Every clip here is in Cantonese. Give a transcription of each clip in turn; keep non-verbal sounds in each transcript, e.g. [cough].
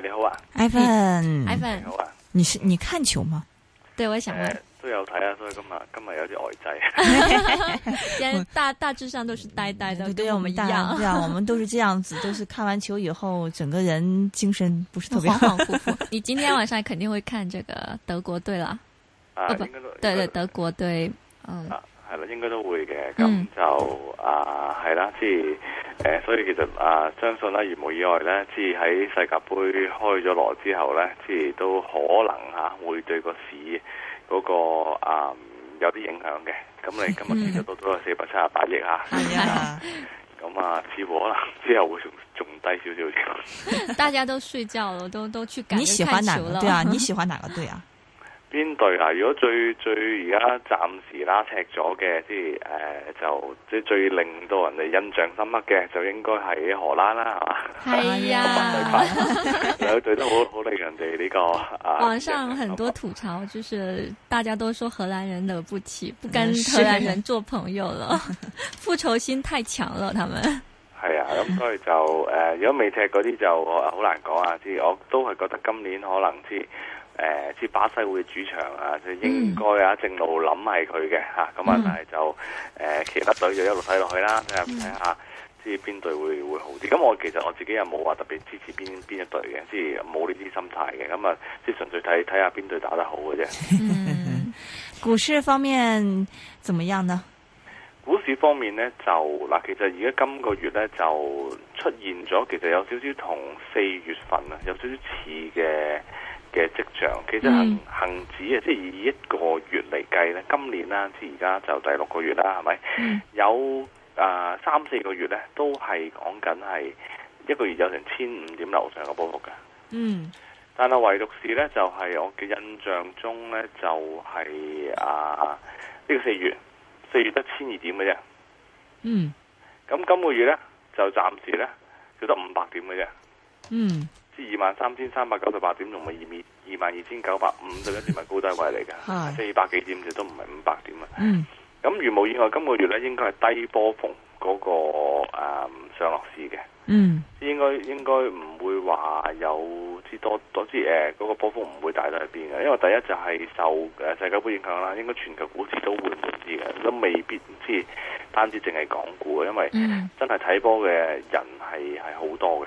你好啊 Ivan，Ivan 你好啊，你是你看球嗎？對，我想問，都有睇啊，所以今日今日有啲呆滯，但大大致上都是呆呆的，跟我們一樣，對啊，我們都是這樣子，都是看完球以後，整個人精神不是特別恍恍惚惚。你今天晚上肯定會看這個德國隊啦，啊不，對對德國隊，嗯，係啦，應該都會嘅，咁就啊係啦，即。誒、呃，所以其實啊，相信啦，如無意外咧，即係喺世界杯開咗鑼之後咧，即係都可能吓、啊、會對個市嗰、那個啊、嗯、有啲影響嘅。咁你今日跌咗多四百七十八億啊，咁啊，似乎可能之後會仲仲低少少。大家都睡覺咯，都都去趕足球啦。對啊， [laughs] 你喜歡哪個隊啊？ [laughs] 邊隊啊？如果最最而家暫時啦，踢咗嘅，即係誒，就即係最令到人哋印象深刻嘅，就應該係荷蘭啦，係嘛？係啊，有隊都好好令人哋呢個啊。網上很多吐槽，就是大家都說荷蘭人惹不起，不跟荷蘭人做朋友囉，復仇心太強了，他們。係啊，咁、啊、所以就誒、呃，如果未踢嗰啲就好難講啊，即係我都係覺得今年可能即係。誒，即係巴西會嘅主場啊，就應該啊，嗯、正路諗係佢嘅吓，咁啊，但係就誒，呃嗯、其他隊就一路睇落去啦，睇下即係邊隊會會好啲。咁我其實我自己又冇話特別支持邊邊一隊嘅，即係冇呢啲心態嘅。咁啊，即係純粹睇睇下邊隊打得好嘅啫。股市、嗯、方面怎麼樣呢？股市方面呢，就嗱，其實而家今個月呢，就出現咗，其實有少少同四月份啊有少少似嘅。嘅跡象，其實恆恆指啊，即係以一個月嚟計咧，今年啦，即係而家就第六個月啦，係咪？嗯、有啊、呃、三四個月咧，都係講緊係一個月有成千五點樓上嘅波幅嘅。嗯，但係唯獨是咧，就係、是、我嘅印象中咧，就係啊呢個四月，四月得千二點嘅啫。嗯，咁今個月咧就暫時咧叫做五百點嘅啫。嗯。二萬三千三百九十八點，同埋二二萬二千九百五十一點，咪、就是、高低位嚟嘅，即係四百幾點就都唔係五百點啊。咁、嗯、如無意外，今個月咧應該係低波幅嗰、那個、嗯、上落市嘅、嗯。應該應該唔會話有之多之誒嗰個波幅，唔會大到去邊嘅，因為第一就係受誒世界盃影響啦，應該全球股市都會唔知嘅，都未必即係單止淨係港股啊，因為真係睇波嘅人係係好多嘅。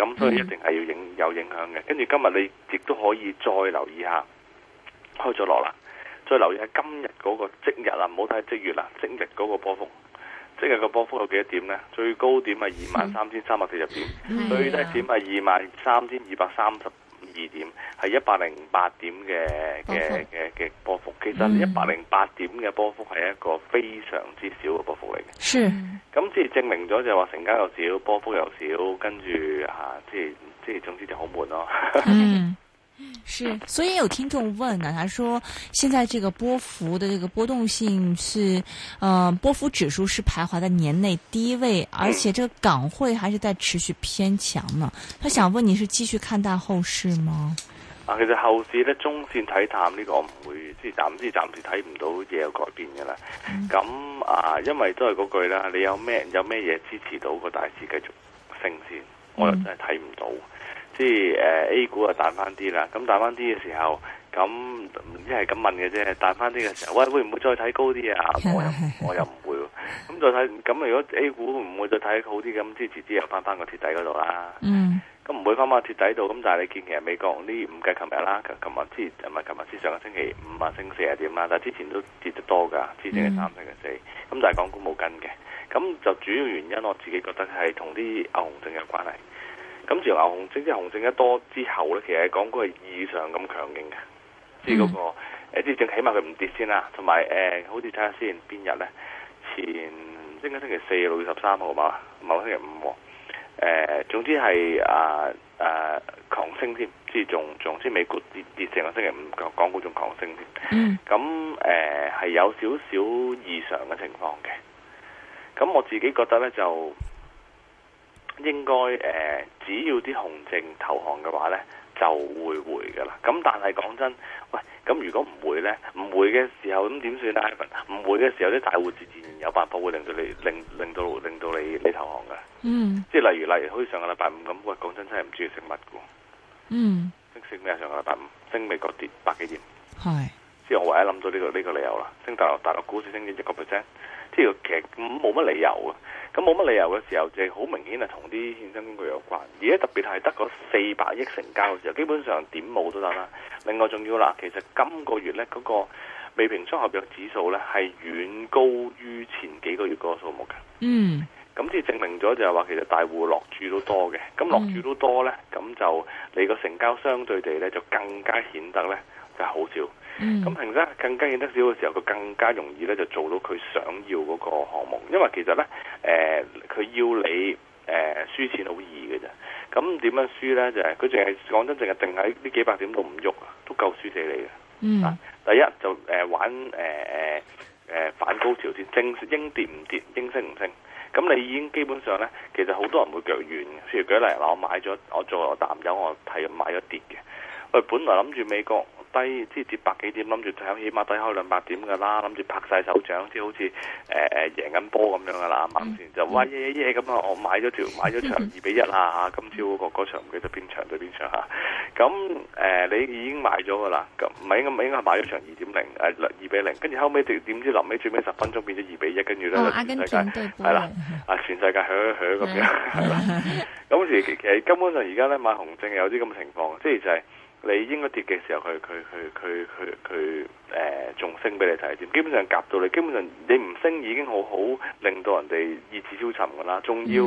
咁、嗯、所以一定係要影有影響嘅，跟住今日你亦都可以再留意一下，開咗落啦，再留意一下今日嗰個即日啦，唔好睇即月啦，即日嗰個波幅，即日個波幅有幾多點呢？最高點係二萬三千三百四十點，最低點係二萬三千二百三十。二點係一百零八點嘅嘅嘅嘅波幅，其實一百零八點嘅波幅係一個非常之少嘅波幅嚟嘅。咁即係證明咗就話成交又少，波幅又少，跟住啊，即係即係總之就好悶咯。嗯。是，所以有聽眾問，呢他說，現在這個波幅的這個波動性是，呃，波幅指數是徘徊在年內低位，而且這個港匯還是在持續偏強呢。嗯、他想問你是繼續看淡後市嗎？啊，其實後市呢，中線睇淡呢個我唔會，即係暫時暫時睇唔到嘢有改變嘅啦。咁、嗯、啊，因為都係嗰句啦，你有咩有咩嘢支持到個大市繼續升先，我又真係睇唔到。嗯即係誒 A 股啊彈翻啲啦，咁彈翻啲嘅時候，咁唔知係咁問嘅啫，彈翻啲嘅時候，喂會唔會再睇高啲 [laughs] 啊？我又我又唔會咁再睇，咁如果 A 股唔會再睇好啲，咁即係直接又翻翻個貼底嗰度啦。嗯，咁唔會翻翻貼底度，咁但係你見其實美國呢五日、琴日啦、琴日、之係咪琴日先上個星期五啊、升四啊點啦，但係之前都跌得多噶，之前係三四個四，咁但係港股冇跟嘅，咁就主要原因我自己覺得係同啲牛熊證有關係。咁住牛熊，即係熊證一多之後咧，其實港股係異常咁強勁嘅，即係嗰個誒跌起碼佢唔跌先啦。同埋誒，好似睇下先邊日咧，前應該星期四六月十三號嘛，冇星期五喎。誒，呃，總之係啊啊狂升添，即係仲仲即係美國跌跌成個星期五，港股仲狂升添。咁誒係有少少異常嘅情況嘅。咁我自己覺得咧就。應該誒、呃，只要啲紅證投降嘅話咧，就會回噶啦。咁但係講真，喂，咁如果唔回咧，唔回嘅時候咁點算咧？唔回嘅時候，啲大戶自然有辦法會令到你，令令到令到你你投降嘅。嗯，即係例如例如，例如好似上個禮拜五咁，喂，講真真係唔鍾意食物嘅喎。嗯，升升咩啊？上個禮拜五升美國跌百幾點？係 Hi.、這個。之後我唯一諗到呢個呢個理由啦，升大陸大陸，股市升咗一個 percent。即係其實冇乜理由嘅，咁冇乜理由嘅時候，就係好明顯係同啲衍生工具有關。而家特別係得嗰四百億成交嘅時候，基本上點冇都得啦。另外仲要啦，其實今個月咧嗰個未平倉合約指數咧係遠高於前幾個月嗰個數目嘅。嗯。咁即係證明咗就係話，其實大戶落注都多嘅。咁落注都多咧，咁、mm. 就你個成交相對地咧就更加顯得咧就係好少。咁平時更加顯得少嘅時候，佢更加容易咧就做到佢想要嗰個項目，因為其實咧誒佢要你誒、呃、輸錢好易嘅啫。咁點樣輸咧？就係佢淨係講真，淨係定喺呢幾百點度唔喐啊，都夠輸死你嘅。嗯、啊，第一就誒玩誒誒誒反高潮先，正應跌唔跌，應升唔升。咁你已經基本上咧，其實好多人會腳軟嘅。譬如舉例，我買咗我做我藍油，我睇買咗跌嘅。喂，本來諗住美國。低即係跌百幾點諗住，最起碼低開兩百點噶啦，諗住拍晒手掌，即係好似誒誒贏緊波咁樣噶啦。猛前、嗯、就哇耶耶咁啊，我買咗條買咗場二比一啊！ [laughs] 今朝嗰個場唔記得邊場對邊場吓。咁誒、呃，你已經買咗噶啦，咁唔係咁唔應該買咗場二點零誒二比零，跟住後尾點知臨尾，最尾十分鐘變咗二比一，跟住咧全世界係啦，啊全世界咁吧、啊、樣係 [laughs] 啦。咁時其實根本上而家咧買熊證有啲咁嘅情況，即係就係、是。你應該跌嘅時候，佢佢佢佢佢佢，誒，仲、呃、升俾你睇點？基本上夾到你，基本上你唔升已經好好，令到人哋意志消沉噶啦。仲要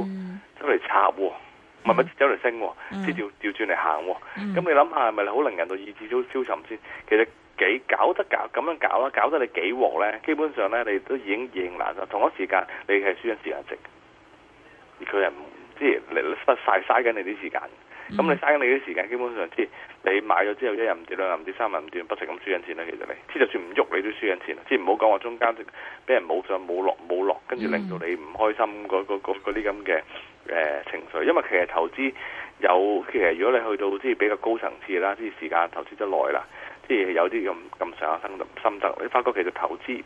走嚟插喎，唔係咪走嚟升喎，先調調轉嚟行喎。咁、嗯、你諗下，係咪好令人到意志消消沉先？其實幾搞得搞咁樣搞啦，搞得你幾鑊呢？基本上呢，你都已經認難咗。同一時間，你係輸緊時間值，而佢係唔即係甩晒嘥緊你啲時間。咁你嘥緊你啲時間，基本上即係你買咗之後，一日唔跌，兩日唔跌，三日唔跌，不停咁輸緊錢啦。其實你即就算唔喐，你都輸緊錢。即係唔好講話中間，啲俾人冇上冇落冇落，跟住令到你唔開心嗰嗰啲咁嘅誒情緒。因為其實投資有，其實如果你去到即係比較高層次啦，即係時間投資得耐啦，即係有啲咁咁上下心心得。你發覺其實投資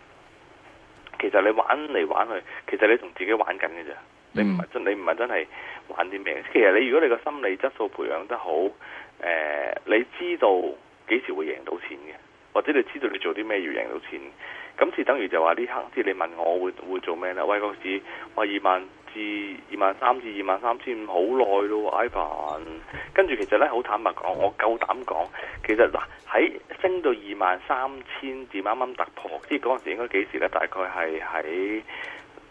其實你玩嚟玩去，其實你同自己玩緊嘅啫。你唔係真，嗯、你唔係真係玩啲咩？其實你如果你個心理質素培養得好，誒、呃，你知道幾時會贏到錢嘅，或者你知道你做啲咩要贏到錢，咁即係等於就話呢刻，即係你問我會會做咩咧？喂，嗰時我二萬至二萬三至二,二萬三千五，好耐咯 Ivan 跟住其實咧，好坦白講，我夠膽講，其實嗱喺升到二萬三千至啱啱突破，即係嗰陣時應該幾時咧？大概係喺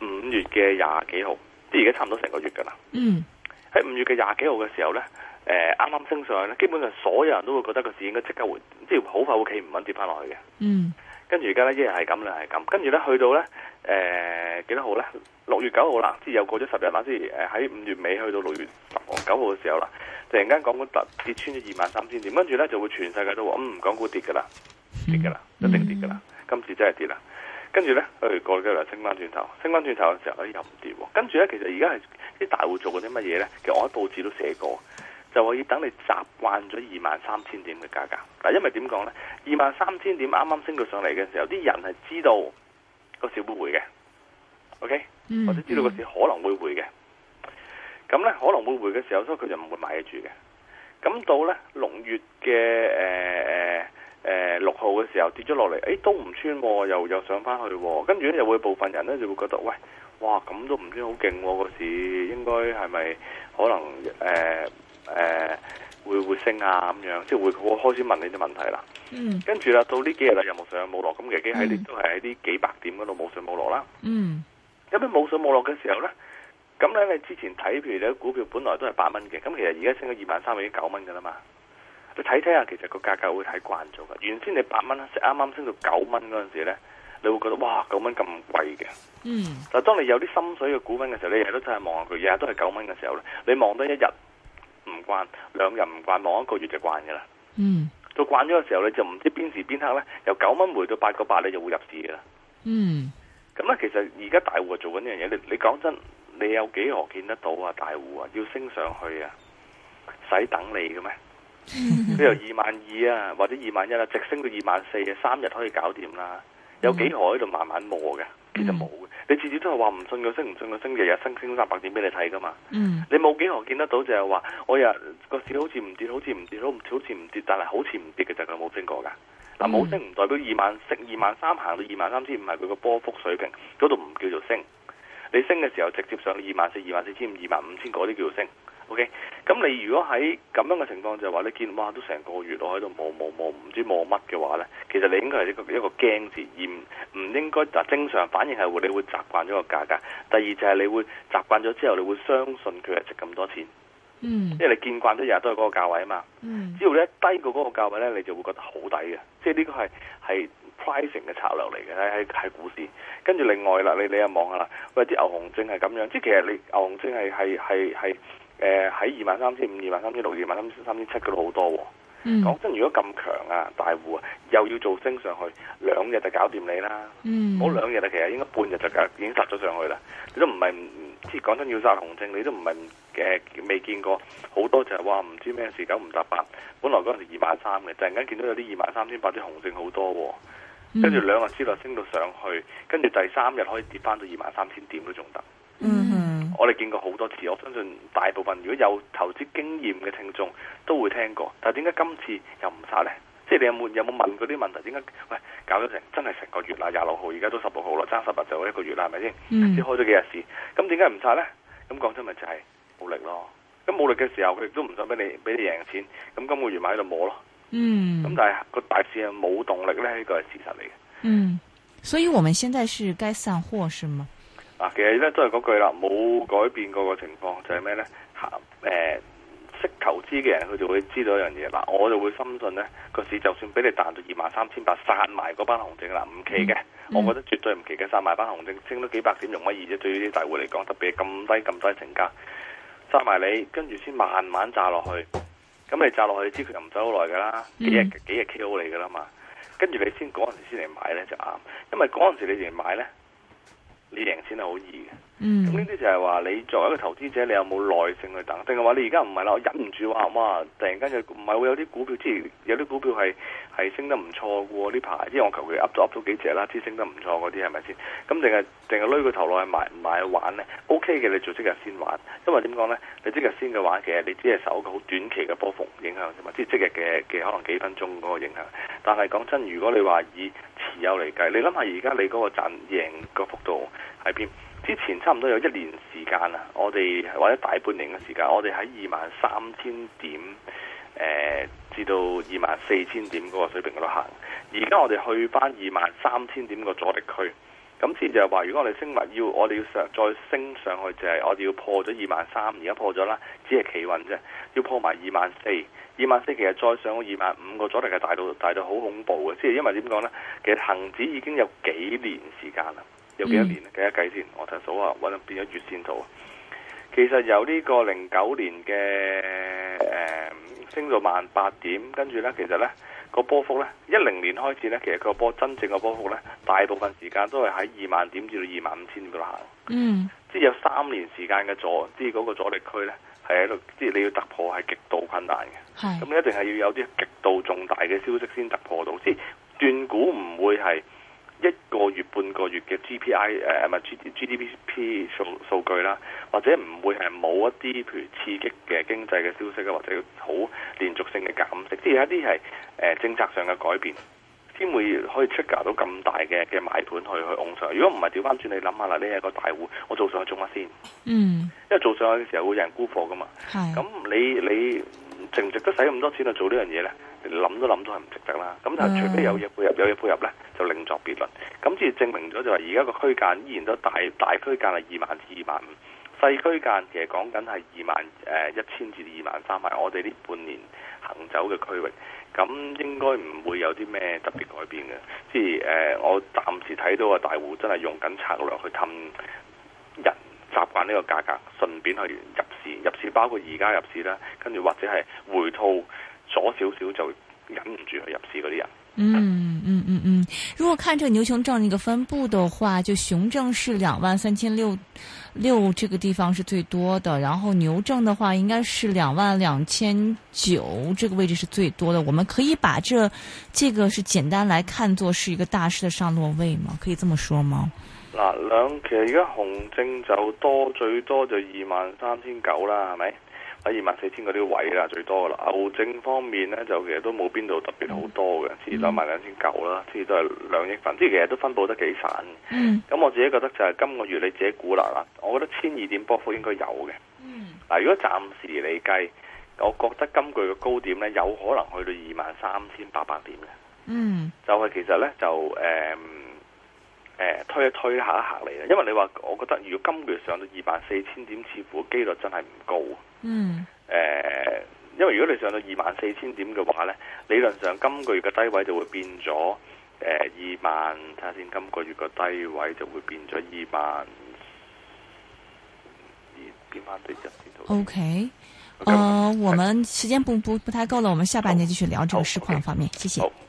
五月嘅廿幾號。而家差唔多成個月㗎啦。嗯，喺五月嘅廿幾號嘅時候咧，誒啱啱升上去咧，基本上所有人都會覺得個市應該即刻會，即係好快會企唔穩跌翻落去嘅。嗯，跟住而家咧一日係咁啦，係咁。跟住咧去到咧誒、呃、幾多號咧？六月九號啦，即係又過咗十日啦。即係誒喺五月尾去到六月十號九號嘅時候啦，突然間港股突跌穿咗二萬三千點，跟住咧就會全世界都話：嗯，港股跌㗎啦，跌㗎啦，嗯、一定跌㗎啦。嗯、今次真係跌啦。跟住呢，佢過幾日升翻轉頭，升翻轉頭嘅時候又唔跌。跟住呢，其實而家係啲大戶做嗰啲乜嘢呢？其實我喺報紙都寫過，就可以等你習慣咗二萬三千點嘅價格。嗱，因為點講呢？二萬三千點啱啱升到上嚟嘅時候，啲人係知道個市會回嘅，OK？、Mm hmm. 或者知道個市可能會回嘅。咁呢，可能會回嘅時候，所以佢就唔會買住嘅。咁到呢，六月嘅誒。呃誒，六、呃、號嘅時候跌咗落嚟，誒、欸、都唔穿，啊，又又上翻去，啊，跟住咧又會部分人咧就會覺得，喂，哇咁都唔穿好勁，個市應該係咪可能誒誒、呃呃、會回升啊？咁樣，即係會好開始問你啲問題啦。嗯，跟住啦，到呢幾日啦，冇上冇落，咁其實喺、嗯、都係喺啲幾百點嗰度冇上冇落啦。嗯，咁樣冇上冇落嘅時候咧，咁咧你之前睇，譬如你股票本來都係八蚊嘅，咁其實而家升咗二萬三幾九蚊噶啦嘛。你睇睇下，其實個價格會睇慣咗嘅。原先你八蚊，食啱啱升到九蚊嗰陣時咧，你會覺得哇九蚊咁貴嘅。貴。嗯。但當你有啲心水嘅股份嘅時候，你日日都真係望佢，日日都係九蚊嘅時候咧，你望多一日唔慣，兩日唔慣，望一個月就慣嘅啦。嗯。到慣咗嘅時候，你就唔知邊時邊刻咧由九蚊回到八個八你就會入市嘅啦。嗯。咁啊，其實而家大戶做緊呢樣嘢，你你講真，你有幾何見得到啊？大戶啊，要升上去啊，使等你嘅咩？比如二萬二啊，或者二萬一啊，直升到二萬四啊，三日可以搞掂啦。有幾何喺度慢慢磨嘅，Mm hmm. 其實冇嘅。你次次都係話唔信佢升唔信佢升，日日升升三百點俾你睇噶嘛。Mm hmm. 你冇幾何見得到就係話，我日個市好似唔跌，好似唔跌，好似唔跌,跌，但係好似唔跌嘅就係佢冇升過噶。嗱冇升唔代表二萬四二萬三行到二萬三千五係佢個波幅水平，嗰度唔叫做升。你升嘅時候直接上到二萬四、二萬四千五、二萬五千嗰啲叫做升。OK，咁你如果喺咁樣嘅情況就係話，你見哇都成個月我喺度望望望，唔知望乜嘅話咧，其實你應該係一個一個驚字，而唔應該嗱正常反應係會你會習慣咗個價格。第二就係你會習慣咗之後，你會相信佢係值咁多錢。嗯，mm. 因為你見慣咗日日都係嗰個價位啊嘛。Mm. 只要你低過嗰個價位咧，你就會覺得好抵嘅。即係呢個係 pricing 嘅策略嚟嘅喺喺股市。跟住另外啦，你你又望下啦，喂啲牛熊證係咁樣，即係其實你牛熊證係係係係。誒，喺二萬三千五、二萬三千六、二萬三千三千七，嗰度好多。講真，如果咁強啊，大戶啊，又要做升上去，兩日就搞掂你啦。唔好兩日其實應該半日就已經殺咗上去啦。你都唔係唔即係講真，要殺紅證，你都唔係誒未見過。好多就係哇，唔知咩事，九唔搭八，本來嗰陣時二萬三嘅，突然間見到有啲二萬三千八啲紅證好多，哦，跟住兩日之內升到上去，跟住第三日可以跌翻到二萬三千點都仲得。嗯。我哋見過好多次，我相信大部分如果有投資經驗嘅聽眾都會聽過。但係點解今次又唔殺呢？即係你有冇有冇問嗰啲問題？點解？喂，搞咗成真係成個月啦，廿六號而家都十六號啦，爭十八就一個月啦，係咪先？先、嗯、開咗幾日市，咁點解唔殺呢？咁講真咪就係冇力咯。咁冇力嘅時候，佢亦都唔想俾你俾你贏錢。咁今個月咪喺度摸咯。嗯。咁但係個大市係冇動力呢，呢、呢個係事實嚟嘅。嗯，所以我們現在是該散貨是嗎？嗱，其實咧都係嗰句啦，冇改變過個情況，就係、是、咩呢？嚇、啊，誒識投資嘅人佢就會知道一樣嘢。嗱，我就會深信呢個市就算俾你彈到二萬三千八，殺埋嗰班紅證啦，唔奇嘅。嗯、我覺得絕對唔奇嘅，殺埋班紅證升到幾百點容乜易啫？對於啲大戶嚟講，特別係咁低咁低成價，殺埋你跟住先慢慢炸落去，咁你炸落去之後又唔使好耐㗎啦，幾日幾日 K O 你㗎啦嘛，跟住你先嗰陣時先嚟買呢就啱，因為嗰陣時你嚟買呢。呢樣錢係好易嘅。嗯，呢啲就係話你作為一個投資者，你有冇耐性去等？定係話你而家唔係啦，我忍唔住話哇，突然間就唔係會有啲股票，之前有啲股票係係升得唔錯嘅喎。呢排因為我求其 up 咗 up 咗幾隻啦，啲升得唔錯嗰啲係咪先？咁定係定係累個頭落去買唔買玩呢？OK 嘅，你做即日先玩，因為點講呢？你即日先嘅話，其實你只係受個好短期嘅波幅影響啫嘛，即係即日嘅嘅可能幾分鐘嗰個影響。但係講真，如果你話以持有嚟計，你諗下而家你嗰個賺贏個幅度喺邊？之前差唔多有一年時間啦，我哋或者大半年嘅時間，我哋喺二萬三千點，誒、呃、至到二萬四千點嗰個水平嗰度行。而家我哋去返二萬三千點個阻力區，咁先就係話，如果我哋升物要，我哋要上再升上去，就係、是、我哋要破咗二萬三，而家破咗啦，只係企穩啫。要破埋二萬四，二萬四其實再上到二萬五個阻力係大到大到好恐怖嘅，即係因為點講呢？其實恒指已經有幾年時間啦。有幾多年？計一計、嗯、一計先。我頭先下，揾到變咗月線圖。其實由呢個零九年嘅誒、呃、升到萬八點，跟住咧，其實咧個波幅咧，一零年開始咧，其實個波真正嘅波幅咧，大部分時間都係喺二萬點至到二萬五千點度行。嗯。即係有三年時間嘅阻，即係嗰個阻力區咧，係喺度，即係你要突破係極度困難嘅。咁是的 你一定係要有啲極度重大嘅消息先突破到，即係斷估唔會係。一個月半個月嘅 G P I 誒、呃、唔係 G D G D P 數數據啦，或者唔會係冇一啲譬如刺激嘅經濟嘅消息啊，或者好連續性嘅減息，即係一啲係誒政策上嘅改變先會可以出價到咁大嘅嘅買盤去去㧬上去。如果唔係調翻轉，你諗下啦，你係個大戶，我做上去做乜先？嗯，因為做上去嘅時候會有人沽貨㗎嘛，係咁你你。你值唔值得使咁多錢去做呢樣嘢呢？諗都諗都係唔值得啦。咁但係除非有嘢配合，有嘢配合呢就另作別論。咁即係證明咗就話，而家個區間依然都大，大區間係二萬至二萬五，細區間其實講緊係二萬誒一千至二萬三，係我哋呢半年行走嘅區域。咁應該唔會有啲咩特別改變嘅。即係、呃、我暫時睇到個大戶真係用緊策略去氹。習慣呢個價格，順便去入市。入市包括而家入市啦，跟住或者係回吐咗少少就忍唔住去入市嗰啲人。嗯嗯嗯嗯，如果看這個牛熊證一個分布的話，就熊證是兩萬三千六六這個地方是最多的，然後牛證的話應該是兩萬兩千九這個位置是最多的。我們可以把這這個是簡單來看作是一個大市的上落位嗎？可以這麼說嗎？嗱，兩其實而家紅證就多，最多就二萬三千九啦，係咪？喺二萬四千嗰啲位啦，最多啦。牛證方面咧，就其實都冇邊度特別好多嘅，至多萬兩千九啦，至都係兩億份，即係其實都分佈得幾散。咁、嗯、我自己覺得就係今個月你自己估啦，嗱，我覺得千二點波幅應該有嘅。嗯。嗱，如果暫時嚟計，我覺得今句嘅高點咧，有可能去到二萬三千八百點嘅、嗯。嗯。就係其實咧，就誒。誒、呃，推一推一下一下嚟啦，因為你話，我覺得如果今個月上到二萬四千點，似乎幾率真係唔高。嗯。誒、呃，因為如果你上到二萬四千點嘅話咧，理論上今個月嘅低位就會變咗。誒、呃，二萬，睇下先，今個月嘅低位就會變咗二萬。二邊翻對上邊度。O K，哦，我們時間不不不太夠了，我們下半年繼續聊這個市況方面，oh. Oh. Okay. 謝謝。Oh.